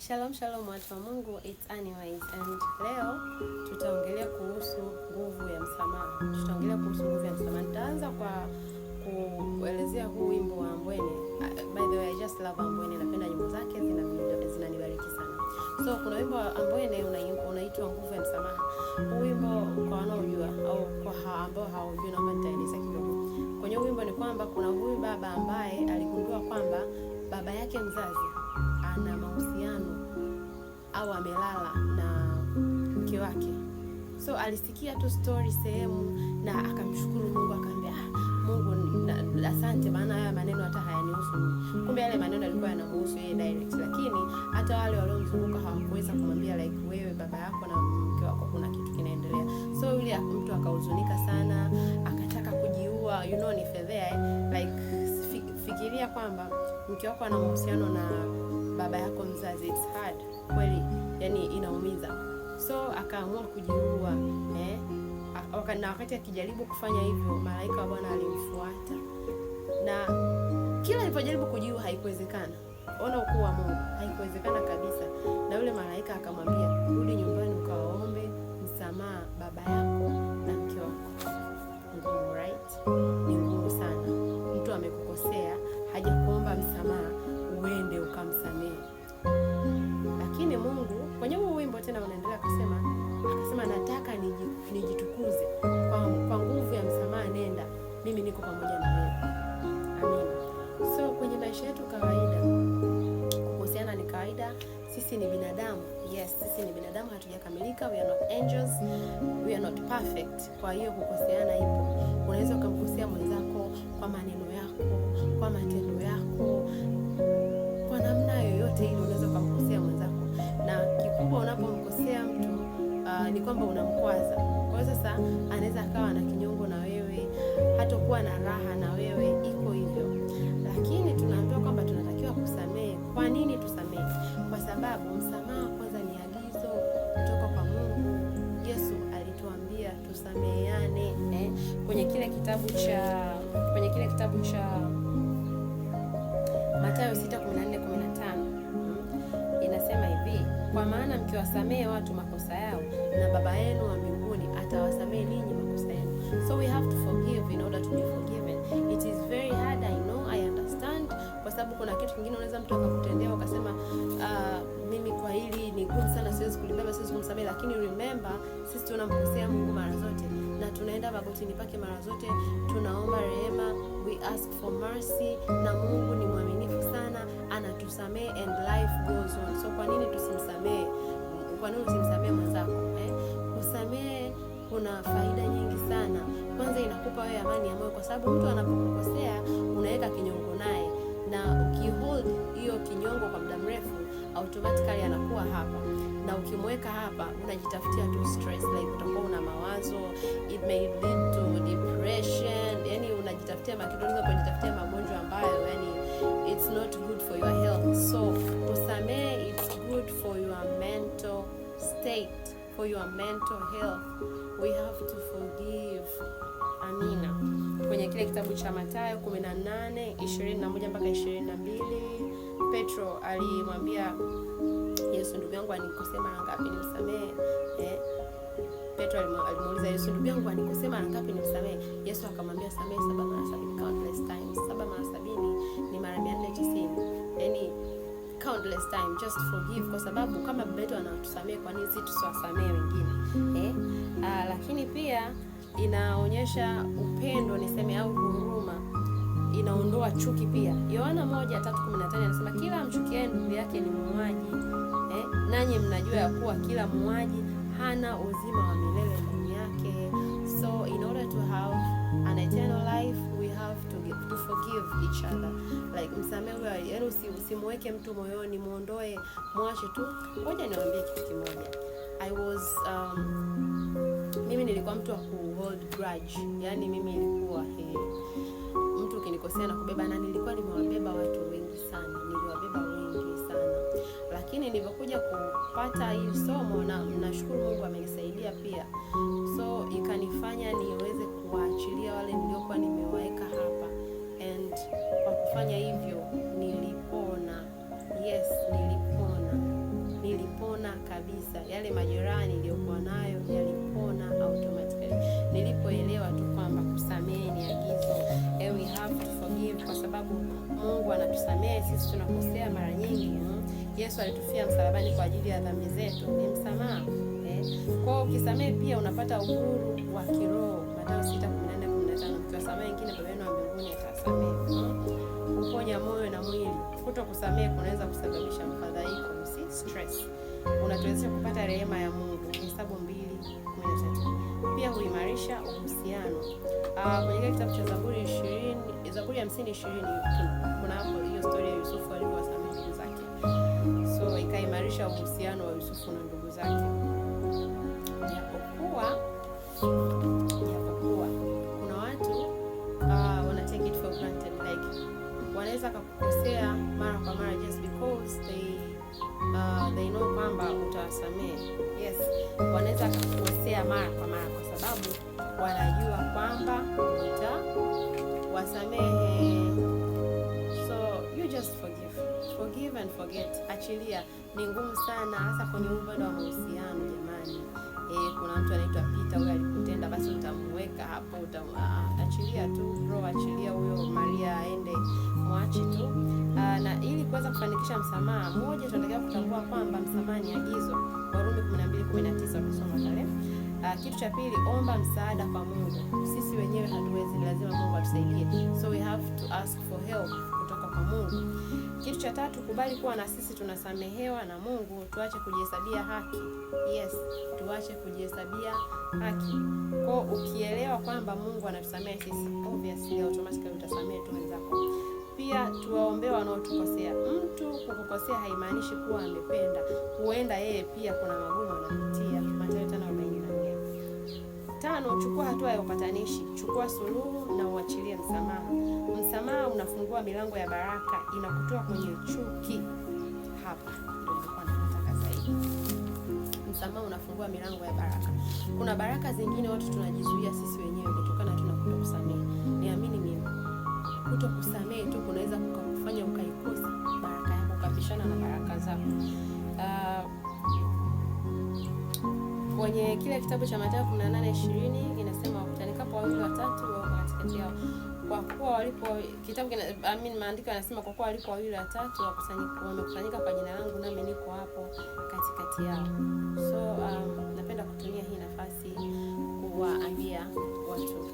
Shalom shalom, watu wa Mungu, it's anyways and leo tutaongelea kuhusu nguvu ya msamaha. Tutaongelea kuhusu nguvu ya msamaha. Nitaanza kwa kuelezea huu wimbo wa Ambwene. Uh, by the way, I just love Ambwene, napenda nyimbo zake, zinanibariki sana. So kuna wimbo wa Ambwene unaitwa nguvu ya msamaha. Huu wimbo kwa wanaojua au kwa ambao hawajui, naomba nitaeleza kidogo. Kwenye wimbo ni kwamba kuna huyu baba ambaye aligundua kwamba baba yake mzazi ana au amelala na mke wake. So alisikia tu story sehemu na akamshukuru Mungu, akaambia ah, Mungu asante, maana haya maneno hata hayanihusu. Kumbe yale maneno yalikuwa yanamuhusu yeye direct, lakini hata wale waliomzunguka hawakuweza kumwambia like, wewe baba yako na mke wako kuna kitu kinaendelea. So yule mtu akahuzunika sana, akataka kujiua, you know, ni fedhea like, fikiria kwamba mke wako ana mahusiano na baba yako mzazi, it's hard kweli, yani inaumiza. So akaamua kujiua eh, na wakati akijaribu kufanya hivyo, malaika wa Bwana alimfuata na kila alipojaribu kujiua haikuwezekana. Ona ukuu wa Mungu, haikuwezekana kabisa, na yule malaika akamwambia rudi nyumbani. we are not perfect. Kwa hiyo kukoseana ipo, unaweza ukamkosea mwenzako kwa maneno yako, kwa matendo yako, kwa namna yoyote ile unaweza ukamkosea mwenzako, na kikubwa unapomkosea mtu uh, ni kwamba unamkwaza. Kwa hiyo sasa anaweza akawa na kinyongo na wewe, hatokuwa na raha na wewe tusameheane eh? Kwenye kile kitabu cha kwenye kile kitabu cha Mathayo 6:14-15 inasema hivi, kwa maana mkiwasamehe watu makosa yao na baba yenu wa mbinguni atawasamehe ninyi makosa yenu. So we have to forgive in order to be forgiven. It is very hard, I know, I understand, kwa sababu kuna kitu kingine unaweza mtu akakutendea ukasema uh, kusamehe, lakini remember, sisi tunamkosea Mungu mara zote na tunaenda magotini pake mara zote, tunaomba rehema, we ask for mercy, na Mungu ni mwaminifu sana, anatusamehe and life goes on. So kwa nini tusimsamehe? Kwa nini usimsamehe mwenzako eh? Kusamehe kuna faida nyingi sana. Kwanza inakupa wewe amani ya moyo, kwa sababu mtu anapokukosea unaweka kinyongo naye na ukihold hiyo kinyongo kwa muda mrefu automatically anakuwa hapa, na ukimweka hapa unajitafutia tu stress, like utakuwa una mawazo, it may lead to depression, yani unajitafutia makidogo kujitafutia magonjwa ambayo yani it's not good for your health. So kusamehe it's good for your mental state, for your mental health. We have to forgive. Amina kwenye kile kitabu cha Mathayo 18 21 mpaka 22. Petro alimwambia Yesu, ndugu yangu anikosema mara ngapi nimsamehe? Eh, Petro alimuuliza Yesu, ndugu yangu anikosema mara ngapi nimsamehe? Yesu akamwambia samehe saba mara sabini, countless times. Saba mara sabini ni mara 490, yani countless time, just forgive, kwa sababu kama Baba yetu anatusamehe, kwa nini sisi tusiwasamehe wengine? Eh, ah, lakini pia inaonyesha upendo niseme au huruma, inaondoa chuki pia. Yohana 1:3:15 anasema kila amchukiaye ndugu yake ni muuaji eh, nanyi mnajua ya kuwa kila muuaji hana uzima wa milele ndani yake. So in order to have an eternal life we have to, give, to forgive each other like msamehe, yaani usimweke mtu moyoni, muondoe, mwache tu. Ngoja niwaambie kitu kimoja. I was um, nilikuwa mtu wa hold grudge, Yani mimi nilikuwa hey, eh, mtu ukinikosea na kubeba, na nilikuwa nimewabeba watu wengi sana, niliwabeba wengi sana, lakini nilipokuja kupata hii somo na nashukuru Mungu amenisaidia pia, so ikanifanya niweze sisi tunakosea mara nyingi. Hmm. Yesu alitufia msalabani kwa ajili ya dhambi zetu, ni msamaha eh. Kwa ukisamehe pia unapata uhuru wa kiroho, Mathayo 6:14-15, wengine Baba yenu wa mbinguni atawasamehe. Hmm. Kuponya moyo na mwili, kuto kusamehe kunaweza kusababisha mfadhaiko, si stress unatuwezesha kupata rehema ya Mungu. Hesabu mbili kumi na tatu. Pia huimarisha uhusiano. Uh, kwenye kitabu cha Zaburi 20, Zaburi ya 50 20 kuna hapo hiyo story ya Yusufu alivyowasamehe ndugu zake, so ikaimarisha uhusiano wa Yusufu na ndugu zake, japokuwa japokuwa kuna watu uh, wana take it for granted like wanaweza kakukosea mara kwa mara just because they uh, they know kwamba utawasamehe. Yes, wanaweza kukosea mara kwa mara, kwa sababu wanajua kwamba utawasamehe. So you just forgive, forgive and forget. Achilia ni ngumu sana, hasa kwenye upande wa mahusiano jamani eh, kuna mtu anaitwa Peter, wewe alikutenda, basi utamweka hapo, utaachilia ah, ah, tu bro, achilia huyo Maria aende, mwache tu. Aa, ah, na ili kuweza kufanikisha msamaha, moja, tunatakiwa kutambua kwamba msamaha ni agizo, Warumi 12:19 ukisoma pale. Kitu cha pili, omba msaada kwa Mungu. Sisi wenyewe hatuwezi, lazima Mungu atusaidie, so we have to ask for help kwa Mungu. Kitu cha tatu, kubali kuwa na sisi tunasamehewa na Mungu, tuache kujihesabia haki. Yes, tuache kujihesabia haki. Kwa ukielewa kwamba Mungu anatusamehe sisi, obviously automatically utasamehe tu wenzako. Pia tuwaombee wanaotukosea. Mtu kukukosea haimaanishi kuwa amependa, huenda yeye pia kuna magumu na Tano, chukua hatua ya upatanishi. Chukua suluhu na uachilie msamaha. Msamaha unafungua milango ya baraka, inakutoa kwenye chuki. Hapa ndio nataka zaidi. Msamaha unafungua milango ya baraka. Kuna baraka zingine watu tunajizuia sisi wenyewe kutokana tuna kutokusamehe. Niamini mimi, kutokusamehe tu kunaweza kukufanya ukaikosa baraka yako, ukapishana na baraka zako. Uh, kwenye kile kitabu cha Mathayo ishirini inasema wakutanikapo wawili watatu katikati yao. Kwa kuwa walipo kitabu kina I mean, maandiko yanasema kwa kuwa walipo wawili watatu wakusanyika wamekusanyika kwa jina langu nami niko hapo katikati yao. So um, napenda kutumia hii nafasi kuwaambia watu